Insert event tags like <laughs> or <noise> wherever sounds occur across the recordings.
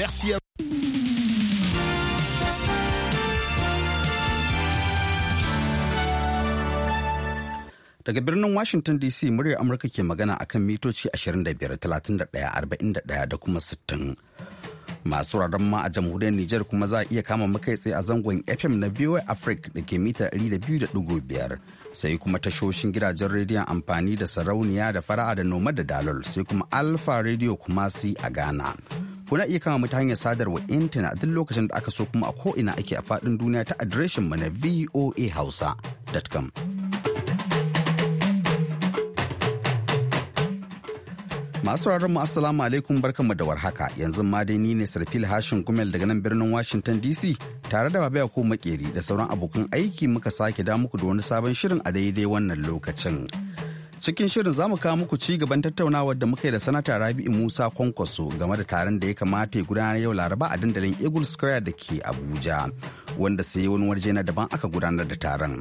Merci à vous. Daga birnin Washington DC muryar Amurka ke magana a kan mitoci 25, 31, da kuma 60. Masu wuraren ma a jamhuriyar Nijar kuma za a iya kama makai tsaye a zangon FM na VOA Africa da ke mita 200.5 sai kuma tashoshin gidajen rediyon amfani da sarauniya da fara'a da noma da dalol sai kuma Alpha Radio kuma si a Ghana. kuna iya kama mu ta hanyar sadarwa intanet duk lokacin da aka so kuma a ko'ina ake a faɗin duniya ta adireshin mu na voahausa.com. Masu mu Assalamu alaikum barkanmu da warhaka yanzu ma dai ni ne Sarfil Hashin Gumel daga nan birnin Washington DC tare da Babaya ko Makeri da sauran abokan aiki muka sake da muku da wani sabon shirin a daidai wannan lokacin. cikin shirin zamu kawo muku ci gaban tattaunawar da muka yi da sanata rabi'u musa kwankwaso game da taron da ya kamata ya gudanar yau laraba a dandalin eagle square da ke abuja wanda sai wani warje na daban aka gudanar da taron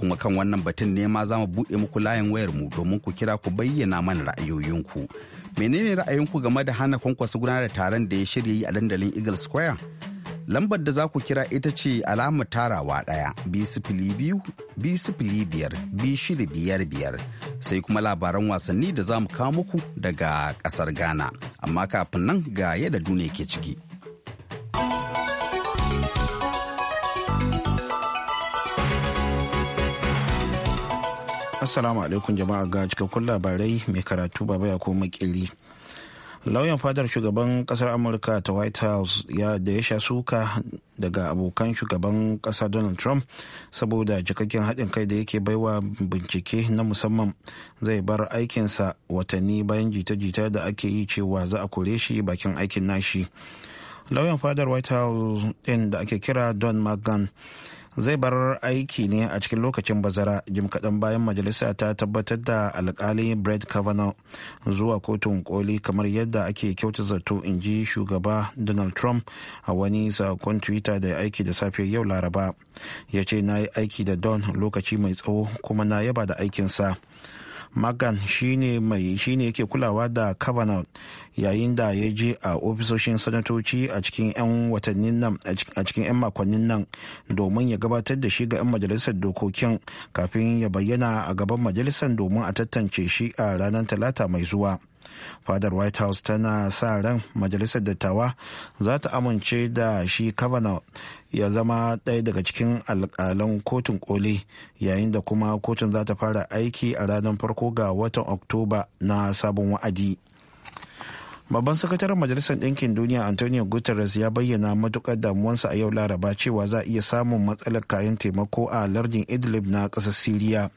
kuma kan wannan batun ne ma zamu buɗe muku layin wayar mu domin ku kira ku bayyana mana ra'ayoyinku menene ra'ayinku game da hana kwankwaso gudanar da taron da ya shirya yi a dandalin eagle square Lambar da za ku kira ita ce alamar tarawa ɗaya bi sifili biyu bi biyar biyar biyar sai kuma labaran wasanni da za mu kawo muku daga ƙasar Ghana. Amma kafin nan ga yadda duniya ke ciki. Assalamu alaikum jama'a ga cikakkun labarai mai karatu baba ya ko makili. lauyan fadar shugaban kasar amurka ta white house ya da ya sha suka daga abokan shugaban kasa donald trump saboda cikakken haɗin kai da yake baiwa bincike na musamman zai bar aikinsa watanni bayan jita-jita da ake yi cewa za a kore shi bakin aikin nashi lauyan fadar white house ɗin da ake kira don mcgann zai bar aiki ne a cikin lokacin bazara jim kaɗan bayan majalisa ta tabbatar da alkali brett kavanaugh zuwa kotun koli kamar yadda ake kyauta zato in ji shugaba donald trump a wani sakon twitter da aiki da safiyar yau laraba ya ce na yi aiki da don lokaci mai tsawo kuma na yaba da aikinsa magan shine mai shine yake kulawa da kavanaugh yayin da ya je a ofisoshin sanatoci a cikin 'yan watannin nan a cikin 'yan makonnin nan domin ya gabatar da shi ga 'yan majalisar dokokin kafin ya bayyana a gaban majalisar domin a tattance shi a ranar talata mai zuwa fadar white house tana sa ran majalisar dattawa za ta amince da shi kavanaugh ya zama ɗaya daga cikin alƙalan kotun koli yayin da kuma kotun za ta fara aiki a ranar farko ga watan oktoba na sabon wa'adi. Babban sakataren Majalisar Ɗinkin Duniya Antonio Guterres ya bayyana matukar damuwansa a yau Laraba cewa za a iya samun matsalar kayan taimako a lardin Idlib na ƙasar Siriya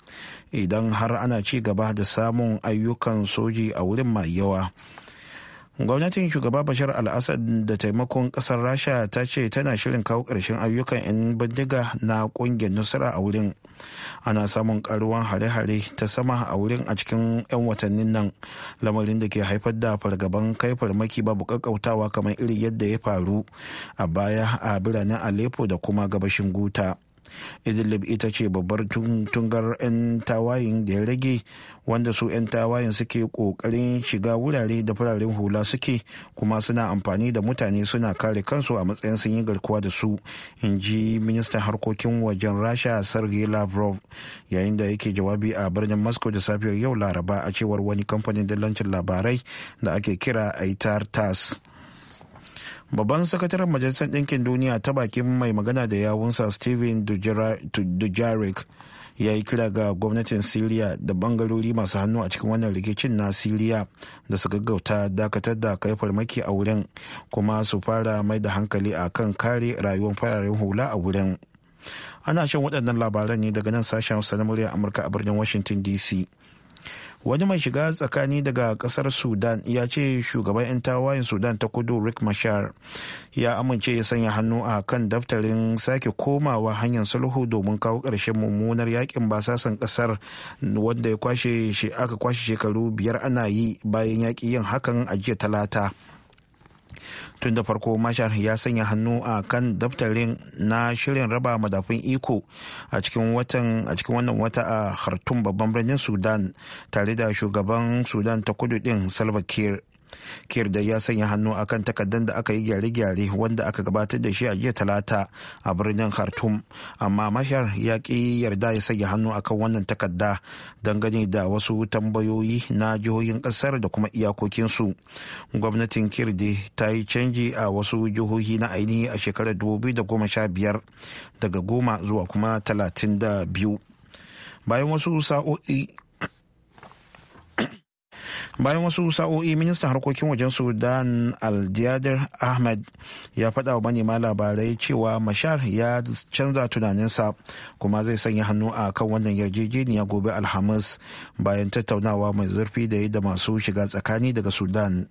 idan har ana ci gaba da samun ayyukan soji a wurin mai yawa. gwamnatin shugaba bashar al-assad da taimakon kasar rasha ta ce tana shirin kawo ƙarshen ayyukan 'yan bindiga na ƙungiyar nusra a wurin ana samun karuwan hare-hare ta sama a wurin a cikin 'yan watannin nan lamarin da ke haifar da fargaban kai farmaki babu kakkautawa kamar irin yadda ya faru a baya a biranen aleppo da kuma gabashin guta idlib ita ce babbar tungar 'yan tawayin da ya rage wanda su 'yan tawayin suke kokarin shiga wurare da fararen hula suke kuma suna amfani da mutane suna kare kansu a matsayin sun yi garkuwa da su in ji ministan harkokin wajen rasha sergei lavrov yayin da yake jawabi a birnin moscow da safiyar yau laraba a cewar wani kamfanin dillancin labarai da ake kira aitar tas babban sakataren majalisar ɗinkin duniya ta bakin mai magana da yawunsa steven dujarric ya yi kira ga gwamnatin siriya da bangarori masu hannu a cikin wannan rikicin na siriya da su gaggauta dakatar da kai farmaki a wurin kuma su fara mai da hankali a kan kare rayuwar fararen hula a wurin ana shan waɗannan labaran ne daga nan sashen sanamuriyar murya amurka a birnin washington dc wani mai shiga tsakani daga kasar sudan ya ce shugaban 'yan tawayen sudan ta kudu rick mashar ya amince ya sanya hannu a kan daftarin sake komawa hanyar sulhu domin kawo ƙarshen mummunar yakin basasan kasar wanda aka kwashe shekaru biyar ana yi bayan yaƙi yin hakan a jiya talata tun da farko mashar ya sanya hannu a kan daftarin na shirin raba madafun iko a cikin wannan wata a hartun babban birnin sudan tare da shugaban sudan ta kudu din salva kiir kirde ya sanya hannu akan takardar da aka yi gyare-gyare wanda aka gabatar da shi a jiya talata a birnin khartoum amma mashar ya ki yarda ya sanya hannu akan wannan takarda dangane da wasu tambayoyi na jihohin kasar da kuma iyakokinsu gwamnatin kirde ta yi canji a wasu jihohi na ainihi a shekarar sha biyar daga goma zuwa kuma talatin da biyu bayan wasu sa'o'i bayan wasu sa'o'i ministan harkokin wajen sudan aljadir ahmed ya faɗa wa manema labarai cewa mashar ya canza tunaninsa kuma zai sanya hannu a kan wannan yarjejeniya gobe alhamis bayan tattaunawa mai zurfi da yi da masu shiga tsakani daga sudan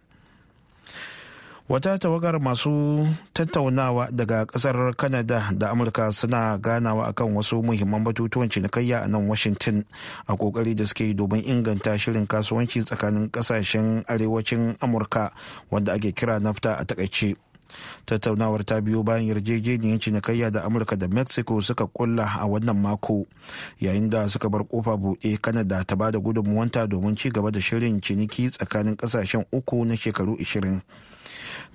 wata tawagar masu tattaunawa daga kasar kanada da amurka suna ganawa akan wasu muhimman batutuwan cinikayya a nan washington a kokari da suke domin inganta shirin kasuwanci tsakanin kasashen arewacin amurka wanda ake kira nafta a takaice tattaunawar ta biyo bayan yarjejeniyar cinikayya da amurka da mexico suka kulla a wannan mako yayin da suka bar kofa buɗe kanada ta bada gudunmuwanta domin ci gaba da shirin ciniki tsakanin kasashen uku na shekaru ishirin.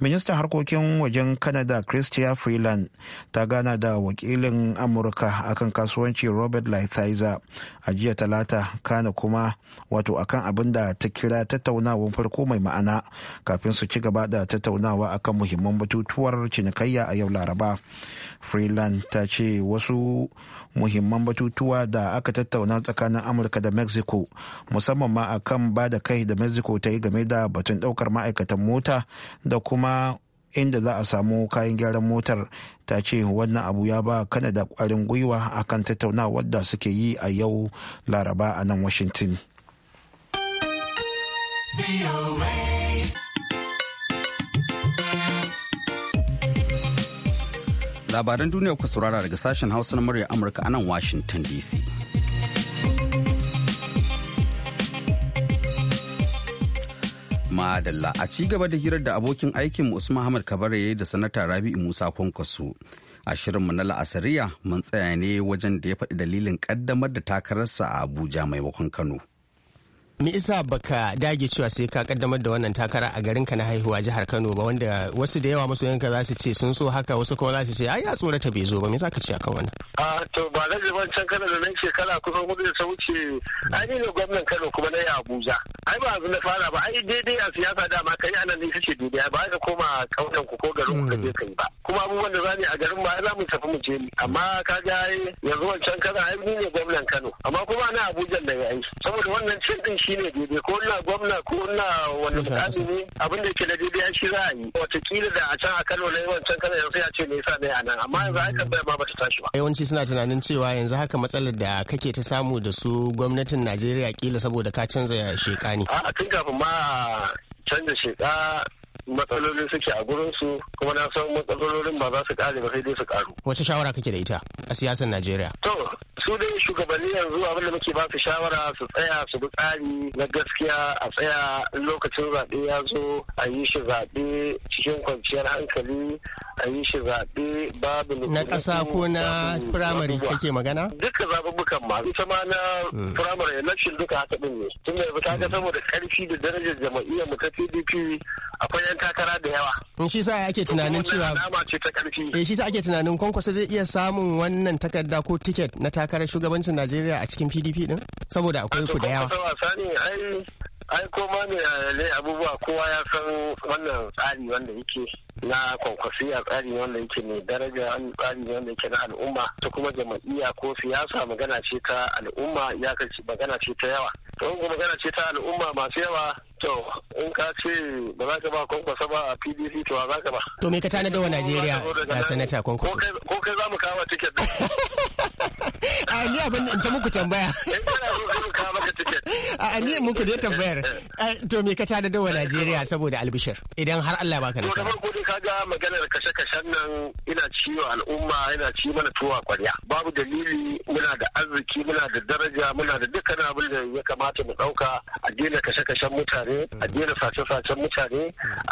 ministan harkokin wajen canada christia freeland ta gana da wakilin amurka akan kasuwanci robert lighthizer a jiya talata kana kuma wato akan abin da ta kira tattaunawar farko mai ma'ana kafin su ci gaba da tattaunawa akan muhimman batutuwar cinikayya a yau laraba freeland ta ce wasu muhimman batutuwa da aka tattauna tsakanin amurka da mexico musamman ma akan ba da kai da mexico ta yi game da batun daukar ma'aikatan mota da kuma inda za a samu kayan gyaran motar ta ce wannan abu ya ba da kwarin gwiwa akan tattaunawa da suke yi a yau laraba a nan washington labaran duniya ku saurara daga sashen hausa na murya amurka a nan washington dc Madalla a ci gaba da hirar da abokin aikinmu Usman Ahmad Kabare ya yi da sanata rabi Musa Kwankwaso. A shirinmu na la'asariya mun tsaya ne wajen da ya faɗi dalilin ƙaddamar da takararsa a Abuja maimakon Kano. Me isa baka dage cewa sai ka kaddamar da wannan takara a garin ka na haihuwa jihar Kano ba wanda wasu da yawa masoyanka za su ce sun so haka wasu kuma za su ce ai ya tsorata bai zo ba me za ka ce akan wannan? a to ba na zaban can kano da nan shekara kusan hudu da ta wuce ai ne gwamnan kano kuma na yi abuja ai ba na fara ba ai daidai a siyasa dama kai a nan ne kake duniya ba ka koma kaunan ku ko garin ku je kai ba kuma abubuwan da zani a garin ba za mu tafi mu je ni amma ka ga yanzu wancan kano ai ni ne gwamnan kano amma kuma na abuja da yayi saboda wannan cin din shine daidai ko na gwamna ko na wani mutane ne abin da ke da daidai shi za a yi kila da a can a kano na yi wancan kano yanzu ya ce me yasa ne a nan amma yanzu ai bai ba ta tashi ba suna tunanin cewa yanzu haka matsalar da kake ta samu da su gwamnatin najeriya kila saboda ka canza sheka ne a tun kafin ma canza sheka Matsaloli suke a gurin su kuma na san matsalolin ba za su kare ba sai dai su karu wace shawara kake da ita a siyasar Najeriya to su dai shugabanni yanzu abin da muke ba su shawara su tsaya su bi tsari na gaskiya a tsaya lokacin zaɓe ya zo a yi shi zaɓe cikin kwanciyar hankali a yi shi zaɓe babu na ƙasa ko na firamare kake magana duka zaɓuɓɓukan ma ita ma na hmm. firamare election duka haka ɗin ne tun da ka ga saboda ƙarfi da darajar jama'iyyar mu ta PDP akwai takara da yawa. Shi sa ake tunanin cewa. Alama ce ta ƙarfi. Eh shi sa ake tunanin kwankwasa zai iya samun wannan takarda ko tiket na takarar shugabancin Najeriya a cikin PDP din? Saboda akwai ku da yawa. wasa ne ai ai koma ne abubuwa kowa ya san wannan tsari wanda yake na a tsari wanda yake mai daraja tsari wanda yake na al'umma ta kuma jama'iyya ko siyasa magana ce ta al'umma ya magana ce ta yawa to magana ce ta al'umma masu yawa to in ka ce ba za ka ba kwankwasa ba a pdc to za ka ba to me ka da wa najeriya na sanata kwankwasa ko kai za mu kawo tiket a <laughs> ni abin da ta muku tambaya in kana so ka ba a ni muku dai tambayar eh, to me ka tada dawa Najeriya eh, saboda albishir idan har Allah baka nasara. Kuma da ka ga maganar kashe-kashen nan ina ciwo al'umma ina ci mana tuwa kwarya. Babu dalili muna da arziki muna da daraja muna da dukkan abin da ya kamata mu dauka a daina kashe-kashen mutane a daina sace-sacen mutane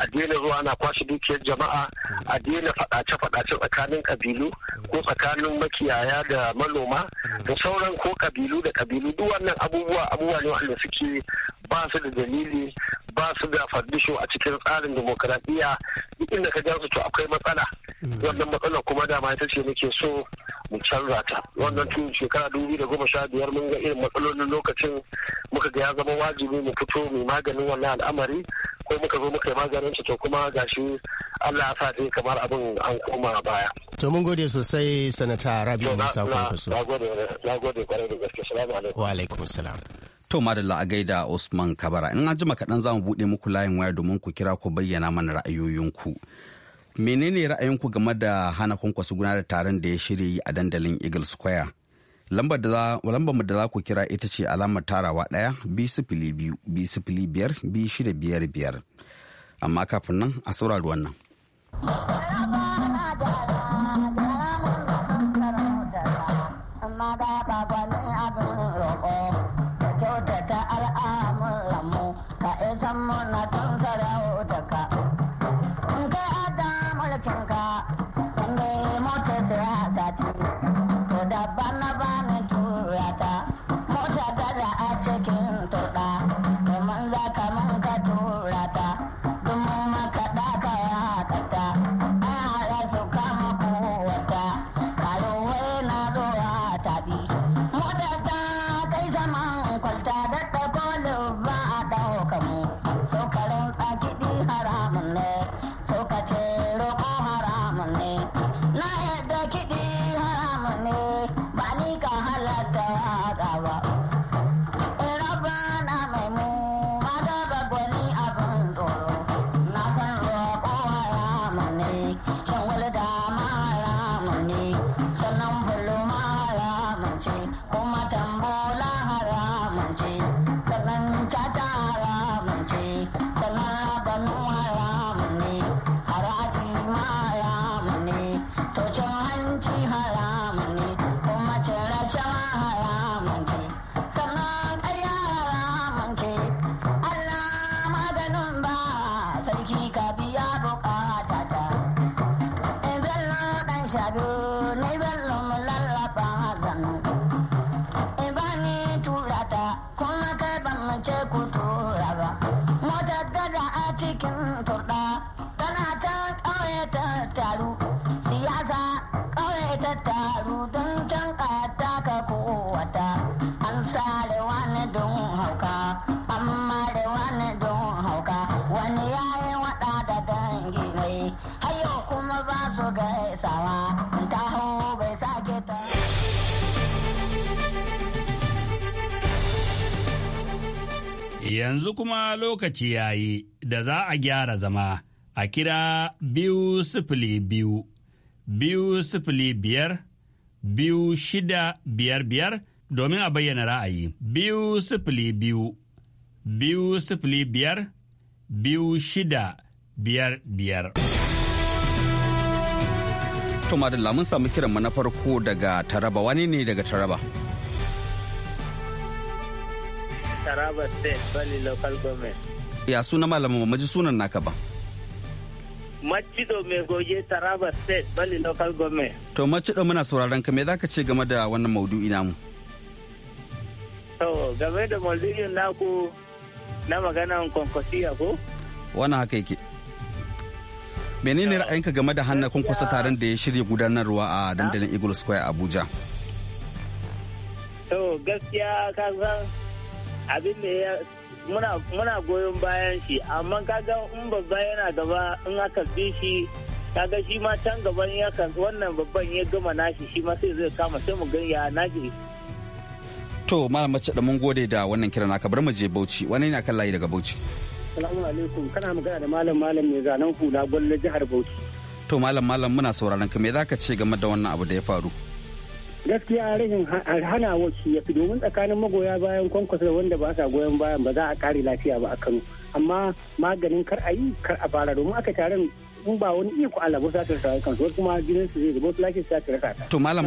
a daina zuwa na kwashe dukiyar jama'a a daina faɗace-faɗace tsakanin kabilu ko tsakanin makiyaya da manoma da sauran ko kabilu da kabilu duk wannan abubuwa abubuwa ne wanda suke suke ba su da dalili ba su da fardisho a cikin tsarin demokaradiyya duk inda ka su to akwai matsala hmm. wannan matsalar kuma dama ita ce muke so mu canza ta wannan tun shekara dubu da goma sha biyar mun ga irin matsalolin lokacin muka ga ya zama wajibi mu fito mu maganin wannan al'amari ko muka zo muka yi maganin to kuma gashi Allah ya sa dai kamar abin an koma baya. To mun gode sosai sanata Rabi'u Musa Kwankwaso. Na gode kwarai da gaske. Salamu alaikum. Wa alaikum salam. To madalla a gaida Usman Kabara in an jima kaɗan za mu buɗe muku layin waya domin ku kira ku bayyana mana ra'ayoyinku. Menene ra'ayinku game da hana kwankwaso gudanar da taron da ya shirya yi a dandalin Eagle Square? Lambar mu da za ku kira ita ce alamar tarawa ɗaya bi sifili biyu bi sifili biyar bi shida biyar biyar. Amma kafin nan a saurari wannan. Yanzu kuma lokaci ya yi da za a gyara zama a kira biyu sifili biyu, biyu sifili biyar, biyu shida biyar biyar domin a bayyana ra'ayi. Biyu sifili biyu, biyu sifili biyar, biyu shida biyar biyar. To da mun samu kiran manafar farko daga Taraba, wani ne daga Taraba? Taraba State Bali Local Government. Ya suna malamin ba maji sunan naka ba. Macido mai goge Taraba State Bali Local Government. To Macido muna sauraron ka me zaka ce game da wannan maudu'i namu? To game da maudu'in naku na maganan kwankwasiya ko? Wannan haka yake. menene ra'ayinka game da hannun kunkusa taron da ya shirya gudanarwa a dandalin eagle square abuja to gaskiya ka san abin da ya muna muna goyon bayan shi amma kaga in babba yana gaba in aka bi shi kaga shi ma can gaban ya wannan babban ya gama nashi shi ma sai zai kama sai mu ganya nashi to malam mace da mun gode da wannan kiran naka bar mu je Bauchi wani ne kan layi daga Bauchi Assalamu alaikum kana magana da malam malam ne zanen hula na jihar Bauchi to malam malam muna sauraron ka me zaka ce game da wannan abu da ya faru gaskiya rashin hana wasu ya fi domin tsakanin magoya bayan kwankwasa wanda ba sa goyon bayan ba za a kare lafiya ba a kano amma maganin kar a yi kar a fara domin aka taron in ba wani iko alabu za ta rasa kansu wasu kuma jinin su zai zuba wasu lafiya za ta rasa to malam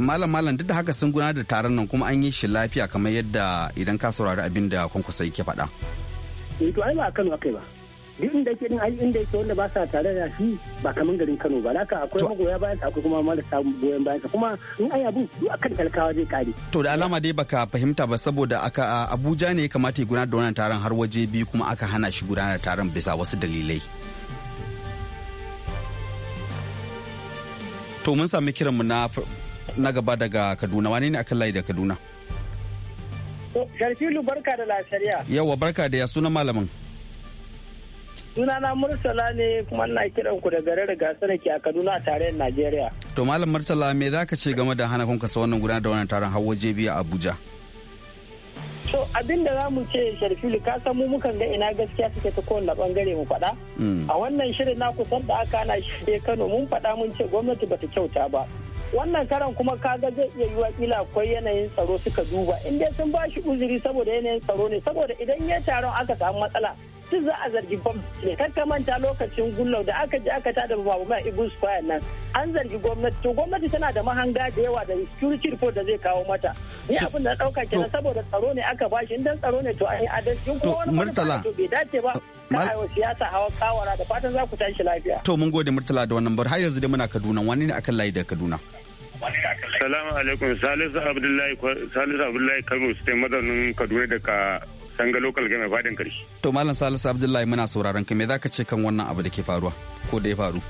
malam malam duk da haka sun gudanar da taron nan kuma an yi shi lafiya kamar yadda idan ka saurari abin da kwankwasa yake faɗa. Eh, to ai ba a kano akai ba. duk inda ke din ai inda yake wanda ba sa tare da shi ba kaman garin Kano ba haka akwai magoya bayan akwai kuma marasa goyon bayan kuma in ai abu duk akan talkawa zai kare to da alama dai baka fahimta ba saboda aka Abuja ne ya kamata ya gudanar da wannan taron har waje biyu kuma aka hana shi gudanar da taron bisa wasu dalilai to mun sami kiranmu na na gaba daga kaduna wane ne akan layi da kaduna sharfilu barka da lasariya yawa barka da ya suna malamin sunana murtala ne kuma ina kiran ku da garin gasar ke a kaduna a tarayyar najeriya to malam murtala me za ka ce game da hana kun kasa wannan gudanar da wannan taron hawa jebi a abuja to abin da za mu ce sharfilu ka san mu mukan ga ina gaskiya suke ta kowanne bangare mu faɗa mm. a wannan shirin na kusan da aka ana shi kano mun faɗa mun ce gwamnati bata kyauta ba wannan karan kuma kaga zai iya yiwa kila akwai yanayin tsaro suka duba inda dai sun bashi uzuri saboda yanayin tsaro ne saboda idan ya taron aka samu matsala duk za a zargi gwamnati ne kan manta lokacin gullau da aka ji aka tada babu mai ibu square nan an zargi gwamnati to gwamnati tana da mahanga da yawa da security report da zai kawo mata ni abin da dauka kenan saboda tsaro ne aka bashi dan tsaro ne to an yi adalci ko wani to bai dace ba ka siyasa hawa kawara da fatan za ku tashi lafiya to mun gode murtala da wannan bar har yanzu dai muna Kaduna wani ne akan layi da Kaduna Salamu alaikum Salisu Abdullahi Salisu Abdullahi Kano sai mazaunin Kaduna daga sanga lokal game fadin karshe. To Malam Salisu Abdullahi muna sauraron ka me zaka ce kan wannan abu da ke faruwa ko da ya faru?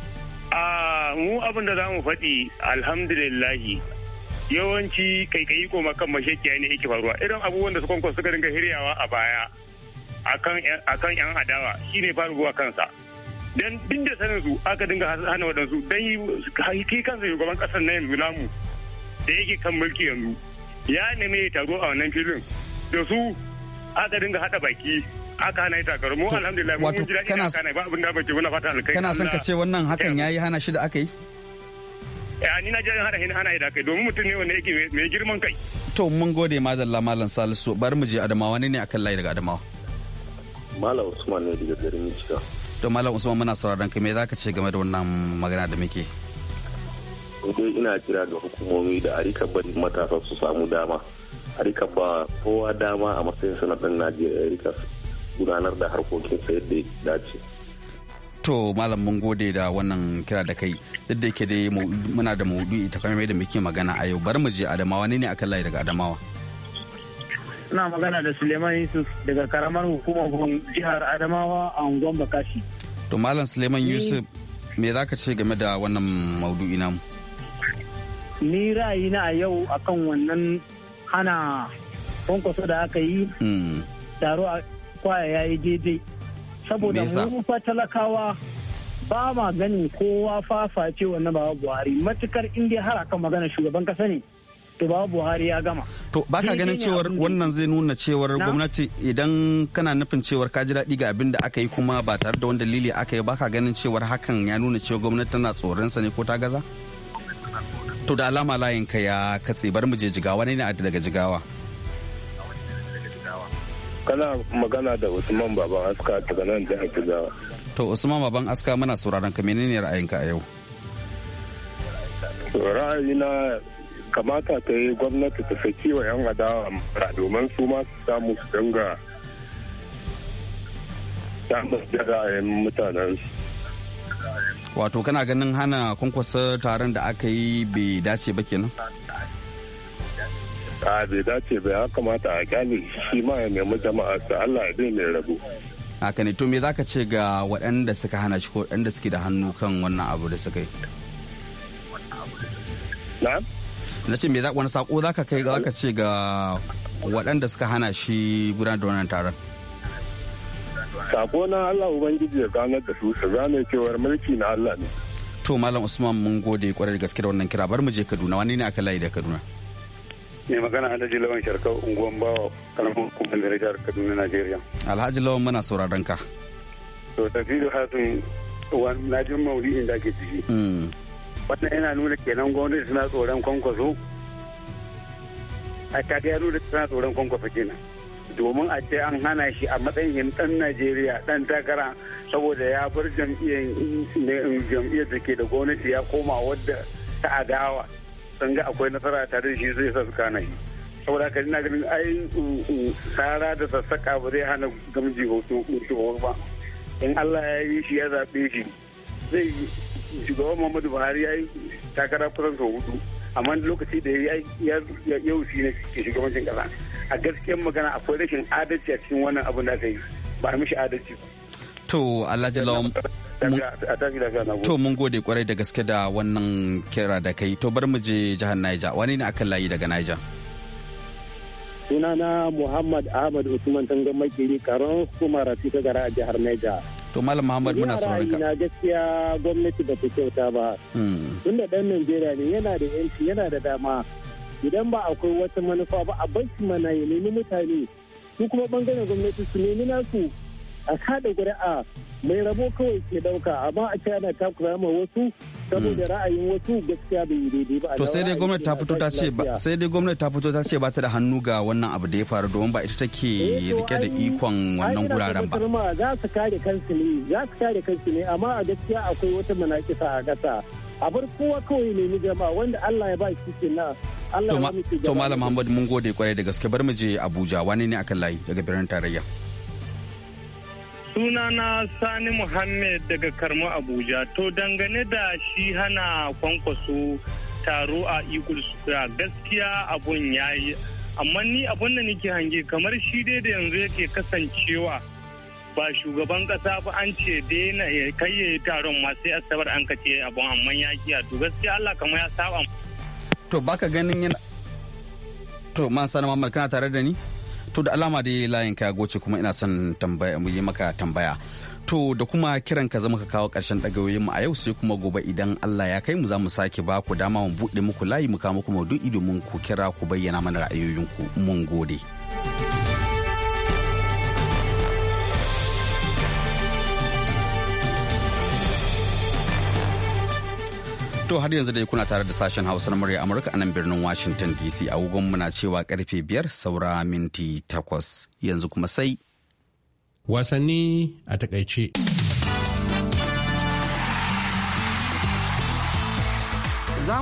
A mu abin da za mu faɗi alhamdulillahi yawanci kaikayi koma kan mashakiya ne yake faruwa irin abubuwan da su kwankwan suka dinga hiryawa a baya akan yan adawa shine faruwa kansa. Dan duk da sanin su aka dinga hana waɗansu dan kai kansa shugaban ƙasar na yanzu namu da yake kan mulki yanzu ya nemi ya taro a wannan filin da su aka dinga haɗa baki aka hana ita karo mu alhamdulillah ji daɗi ba abin da bace muna fata alkai kana san ka ce wannan hakan yayi hana shi da aka yi ya eh, ni na ji hana hin hana da kai domin mutum ne wanda yake mai girman kai to mun gode madalla malam salisu bari mu je adamawa ne ne akan layi daga adamawa malam usman ne daga garin michigan to malam usman muna sauraron kai me zaka ce game da wannan magana da muke dai ina kira ga hukumomi da a rika bari matasa su samu dama a rika ba kowa dama a matsayin sanadin najeriya ya rika gudanar da harkokin yadda da dace to malam mun gode da wannan kira da kai duk da yake dai muna da maudu'i ta kamar da muke magana a yau bari mu je adamawa ne ne akan layi daga adamawa ina magana da suleiman yusuf daga karamar hukumar jihar adamawa a unguwan bakashi to malam suleiman yusuf me za ka ce game da wannan maudu'i namu ni ra'ayi na a yau akan wannan Ana kwankwaso da aka yi hmm. taro a kwaya ya yi daidai saboda mu fa talakawa ba ma ganin kowa ce wannan ba buhari matukar indiya har akan magana shugaban kasa ne to ba buhari ya gama to ka ganin cewar wannan zai nuna cewar gwamnati idan kana nufin cewar ka ji daɗi ga abin da aka yi kuma ba tare da wani dalili aka yi ba ka ganin cewar hakan ya nuna cewa gwamnati tana tsoron sa ne ko ta gaza To da alama layin ka ya katse bar mu je jigawa ne ne daga jigawa. Kana magana da Usman Baban Aska daga nan jihar Jigawa. To Usman Baban Aska muna sauraron ka menene ka a yau? Ra'ayina kamata ta yi gwamnati ta saki wa 'yan adawa mara domin su ma su samu su dinga samun ra'ayin mutanensu. wato kana ganin hana kwankwasa taron da aka yi bai dace ba kenan a bai dace bai ya kamata a kyale shi ma ya nemi jama'a su Allah ya mai rabu haka ne to me zaka ce ga waɗanda suka hana shi ko waɗanda suke da hannu kan wannan abu da suka yi na ce me za wani sako zaka kai zaka ce ga waɗanda suka hana shi gudanar da wannan taron sako na Allah ubangiji ya gane da su su gane cewar mulki na Allah ne to malam usman mun gode kwarai da gaske da wannan kira bar mu je kaduna wani ne aka layi da kaduna mai magana alhaji lawan sharkau unguwan bawa kalmar kuma da jihar kaduna najeriya alhaji lawan muna sauraron ka to tafiyu hasin na jin in da ke ciki hmm. wannan yana nuna kenan gwamnati suna tsoron kwankwaso a ta ya nuna suna tsoron kwankwaso kenan domin a ce an hana shi a matsayin dan najeriya dan takara saboda ya bar jam'iyyar da ke da gwamnati ya koma wadda ta adawa sun ga akwai nasara tare da shi zai sa su na shi saboda ka na ganin ai tsara da sassaka ba zai hana gamji hoto ba in allah ya yi shi ya zaɓe shi zai shugaban muhammadu buhari ya yi takara kusan sau hudu amma lokaci da ya yi ya shi ne ke shugabancin ƙasa a gaskiyar magana akwai rashin adalci a cikin wannan abin da aka yi ba a mishi adalci ba to alhaji lawan to mun gode kwarai da gaske da wannan kira da kai to bar mu je jihar Niger wani ne akan layi daga Niger sunana Muhammad Ahmad Usman Tangan Makiri Karon kuma rafi ta gara a jihar Niger to malam Muhammad muna sauraron ka na gaskiya gwamnati ba ta kyauta ba hmm. tunda dan Najeriya ne yana da yanci yana da dama idan ba akwai wata manufa ba a banki mana ya nemi mutane su kuma bangaren gwamnati su nemi nasu a kada a mai rabo kawai ke dauka amma a ce ana takura ma wasu saboda hmm. ra'ayin wasu gaskiya bai yi daidai ba to sai dai gwamnati ta fito ta ce sai dai gwamnati ta fito ta ce ba ta da hannu ga wannan abu da ya faru domin ba ita take eh, rike da ikon wannan guraren ba za su kare kansu ne za su kare kansu ne amma a gaskiya akwai wata manakisa a ƙasa a bar kowa kawai ni jama'a wanda Allah ya ba shi kenan Allah ya to malam Muhammad mun gode kwarai da gaske bar mu je Abuja wani ne akan layi daga birnin tarayya sunana sani muhammed daga karmo abuja to dangane da shi hana kwankwaso taro a eagle gaskiya abun yayi amma ni abun da nake hange kamar shi dai da yanzu yake kasancewa ba shugaban kasa ba an ce daina ya kai taron ma sai asabar an kace abun amma ya kiya to gaskiya Allah kamar ya saba to baka ganin yana to man sanar mamar kana tare da ni to da alama dai layin ka goce kuma ina son tambaya mu yi maka tambaya to da kuma kiran ka zama ka kawo karshen dagayoyin mu a yau sai kuma gobe idan Allah ya kai mu za mu sake ba ku dama mu bude muku layi mu kawo muku maudu'i domin ku kira ku bayyana mana ra'ayoyinku mun gode. To har yanzu dai kuna tare da sashen Hausa na murya Amurka a nan birnin Washington DC agogon muna cewa karfe biyar saura minti takwas yanzu kuma sai. Wasanni a takaice.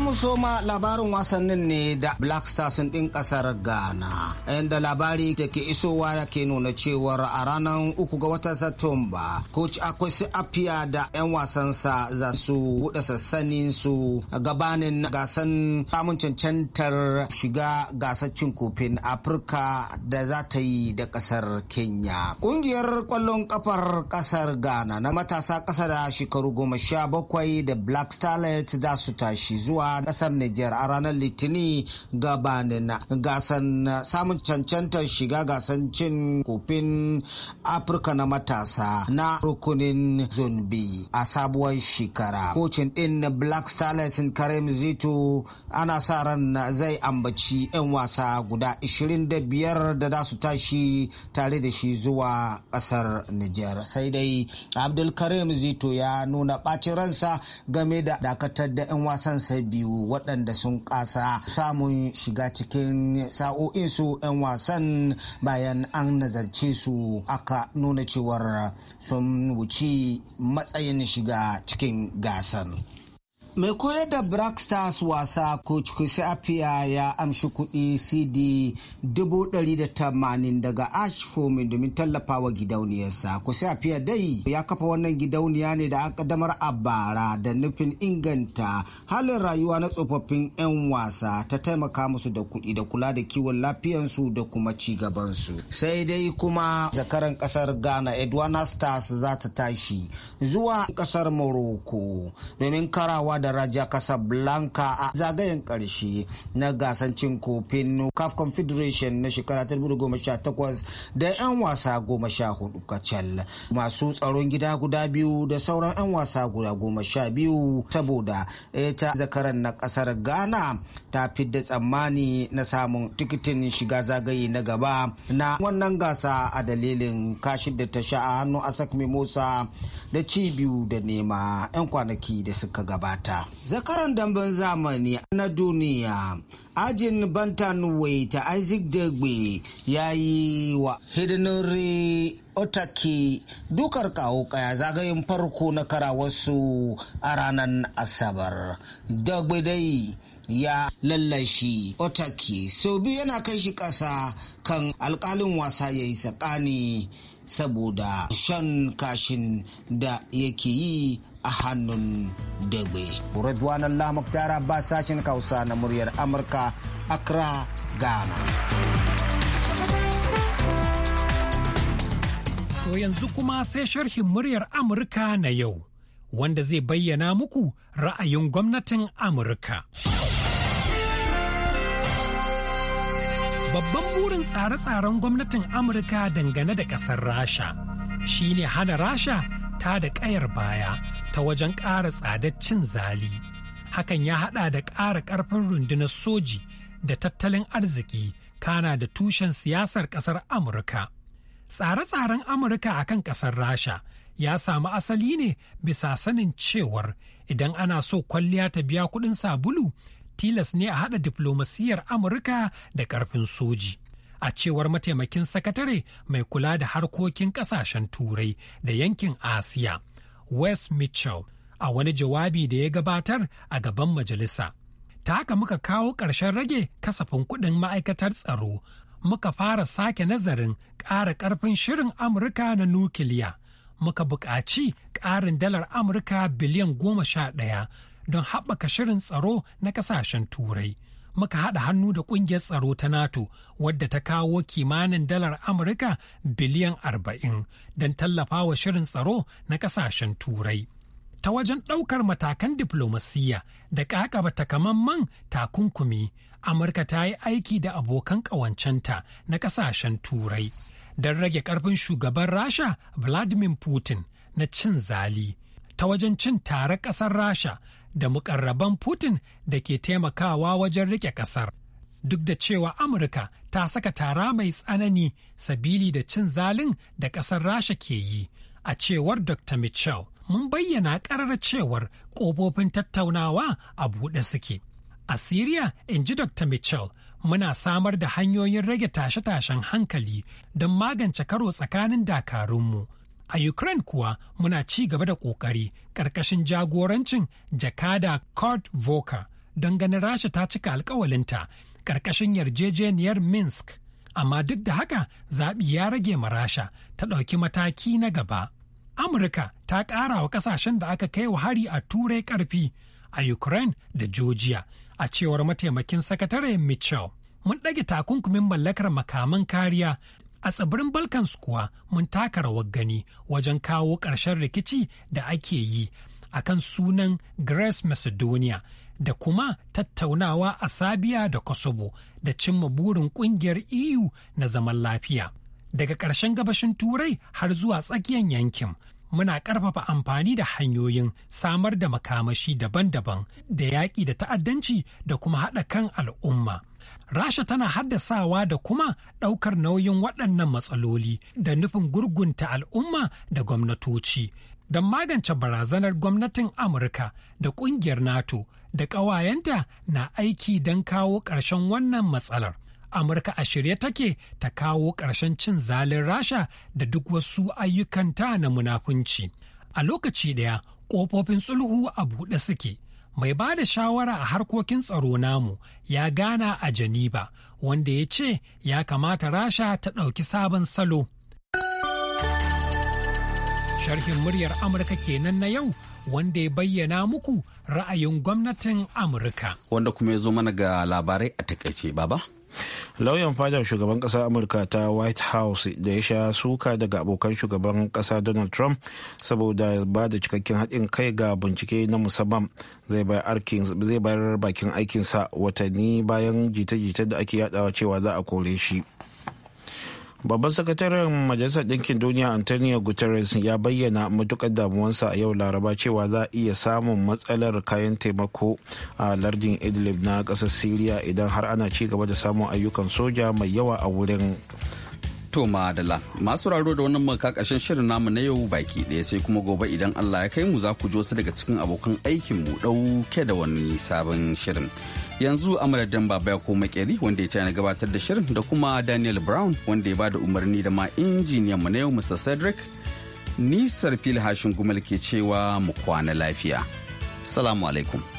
mu soma labarin wasannin ne da Black Stars ɗin kasar Ghana. Inda labari da ke isowa ke nuna cewa a ranar uku ga watan Satumba, Coach Akwesi Apia da 'yan wasansa za su buɗe sassanin su a gabanin gasan samun cancantar shiga gasar cin kofin Afirka da za ta yi da ƙasar Kenya. Ƙungiyar kwallon ƙafar ƙasar Ghana na matasa ƙasa da shekaru goma sha bakwai da Black Starlet za su tashi zuwa a kasar Nijar a ranar Litini gabanin gasan samun cancantar shiga gasan cin kofin Afirka na matasa na rukunin zombi a sabuwar shekara. Kocin ɗin Black Starlets Karim Zito ana sa ran zai ambaci 'yan wasa guda 25 da za su tashi tare da shi zuwa ƙasar Nijar. Sai dai abdul Abdulkarim Zito ya nuna ɓacin ransa game da dakatar da 'yan wasan biyu. biyu waɗanda sun ƙasa samun shiga cikin sa'o'insu 'yan wasan bayan an nazarce su aka nuna cewar sun wuce matsayin shiga cikin gasar. mai koyar da black stars wasa coach Chris apia ya amshi kuɗi cd 180 daga ash fomin domin tallafawa gidauniyarsa Chris apia dai ya kafa wannan gidauniya ne da damar a bara da nufin inganta halin rayuwa na tsofaffin 'yan wasa ta taimaka musu da kuɗi da kula da kiwon lafiyansu da kuma cigabansu sai dai kuma zakaran ƙasar ghana edwana stars za ta tashi zuwa ƙasar morocco domin karawa da Raja Casablanca a zagayen ƙarshe na gasan cin kofin CAF Confederation na shekara 2018 da 'yan wasa goma sha hudu kacal. Masu tsaron gida guda biyu da sauran 'yan wasa guda goma sha biyu saboda ta zakaran na kasar Ghana ta fi da tsammani na samun tikitin shiga zagaye na gaba na wannan gasa a dalilin kashin da ta sha a hannun Asak Mimosa da cibiyu da nema 'yan kwanaki da suka gabata. ta. Zakaran damben zamani na duniya ajin bantan ta Isaac Degbe ya yi wa hidinori Otaki dukar kawo kaya zagayen farko na kara wasu a ranar Asabar. Degbe dai ya lallashi Otaki sau biyu yana kai shi ƙasa kan alƙalin wasa ya yi tsakani saboda shan kashin da yake yi a hannun dagbe. Redwan Allah Mukhtar ba sashen Hausa na muryar Amurka Accra, Ghana. To yanzu kuma sai sharhin muryar Amurka na yau, wanda zai bayyana muku ra'ayin gwamnatin Amurka. Babban burin tsare-tsaren gwamnatin Amurka dangane da ƙasar Rasha shi ne hana Rasha ta da ƙayar baya ta wajen ƙara tsadar cin zali. Hakan ya haɗa da ƙara ƙarfin rundunar soji da tattalin arziki kana da tushen siyasar ƙasar Amurka. Tsare-tsaren Amurka a kan ƙasar Rasha ya samu asali ne bisa sanin cewar idan ana so kwalliya ta biya kuɗin sabulu tilas ne a haɗa diflomasiyyar Amurka da ƙarfin soji. a cewar mataimakin sakatare mai kula da harkokin kasashen turai da yankin asiya west mitchell a wani jawabi da ya gabatar a gaban majalisa ta haka muka kawo ƙarshen rage kasafin kuɗin ma'aikatar tsaro muka fara sake nazarin ƙara ƙarfin shirin amurka na nukiliya muka buƙaci ƙarin dalar amurka biliyan goma sha ɗaya don haɓaka shirin tsaro na ƙasashen turai muka haɗa hannu da ƙungiyar tsaro ta NATO wadda ta kawo kimanin dalar Amurka biliyan arba'in don tallafa wa shirin tsaro na ƙasashen Turai. Ta wajen ɗaukar matakan diflomasiyya da ƙaƙaba takamaiman takunkumi, Amurka ta yi aiki da abokan ƙawancenta na ƙasashen Turai don rage ƙarfin shugaban Rasha Vladimir Putin na cin zali. ta wajen cin tare ƙasar Rasha da mukarraban Putin da ke taimakawa wajen rike ƙasar. Duk da cewa Amurka ta saka tara mai tsanani sabili da cin zalin da ƙasar Rasha ke yi, a cewar Dr. Mitchell. Mun bayyana ƙarar cewar ƙofofin tattaunawa a buɗe suke. A Syria, in ji Dr. Mitchell, muna samar da hanyoyin rage tashe-tashen hankali don magance karo tsakanin dakarunmu. A Ukraine kuwa muna ci gaba da ƙoƙari ƙarƙashin jagorancin jakada Kurt Volker don ganin Rasha ta cika alkawalinta ƙarƙashin yarjejeniyar Minsk. Amma duk da haka zaɓi ya rage ma Rasha ta ɗauki mataki na gaba. Amurka ta ƙara wa ƙasashen da aka kai wa hari a Turai ƙarfi a Ukraine da Georgia a cewar mataimakin sakatare Mitchell. Mun ɗage takunkumin mallakar makaman kariya A tsibirin Balkans kuwa mun taka rawar gani wajen kawo ƙarshen rikici da ake yi a kan sunan Grace Macedonia da kuma tattaunawa a Sabiya da Kosovo da cimma burin ƙungiyar EU na zaman lafiya. Daga ƙarshen gabashin Turai har zuwa tsakiyar yankin. muna ƙarfafa amfani da hanyoyin samar da makamashi daban-daban da yaƙi da ta'addanci da kuma haɗa kan al'umma. Rasha tana haddasawa da kuma ɗaukar nauyin waɗannan matsaloli da nufin gurgunta al'umma da gwamnatoci don magance barazanar gwamnatin Amurka da ƙungiyar NATO da ƙawayenta na aiki don kawo ƙarshen wannan matsalar. Amurka a shirye take ta kawo ƙarshen cin zalin Rasha da duk wasu ayyukanta na munafunci. A lokaci ɗaya, ƙofofin sulhu a buɗe suke mai ba da shawara a harkokin tsaro namu ya gana a janiba wanda ya ce ya kamata rasha ta ɗauki sabon salo. Sharhin muryar Amurka kenan na yau wanda ya bayyana muku ra'ayin gwamnatin Amurka. Wanda kuma ya zo mana ga labarai a takaice baba. lauyan fadar shugaban kasa amurka ta white house da ya sha suka daga abokan shugaban kasa donald trump saboda ba da cikakken haɗin kai ga bincike na musamman zai bayar bakin aikinsa watanni bayan jita-jita da ake yadawa cewa za a kore shi. babban sakataren majalisar ɗinkin duniya antonio guterres ya bayyana matukar damuwansa a yau laraba cewa za a iya samun matsalar kayan taimako a lardin idlib na ƙasar siriya idan har ana ci gaba da samun ayyukan soja mai yawa a wurin To madala masu raro da wannan makakashin shirin namu na yau baki ɗaya sai kuma gobe idan Allah ya kai mu za ku ji wasu daga cikin abokan aikin mu ɗauke da wani sabon shirin. Yanzu dan baba ya koma makeri wanda ya na gabatar da shirin da kuma Daniel Brown wanda ya bada umarni da ma injiniyan mu na yau Mr. Cedric. Nisar fil hashin gumal ke cewa mu kwana lafiya. Salamu alaikum.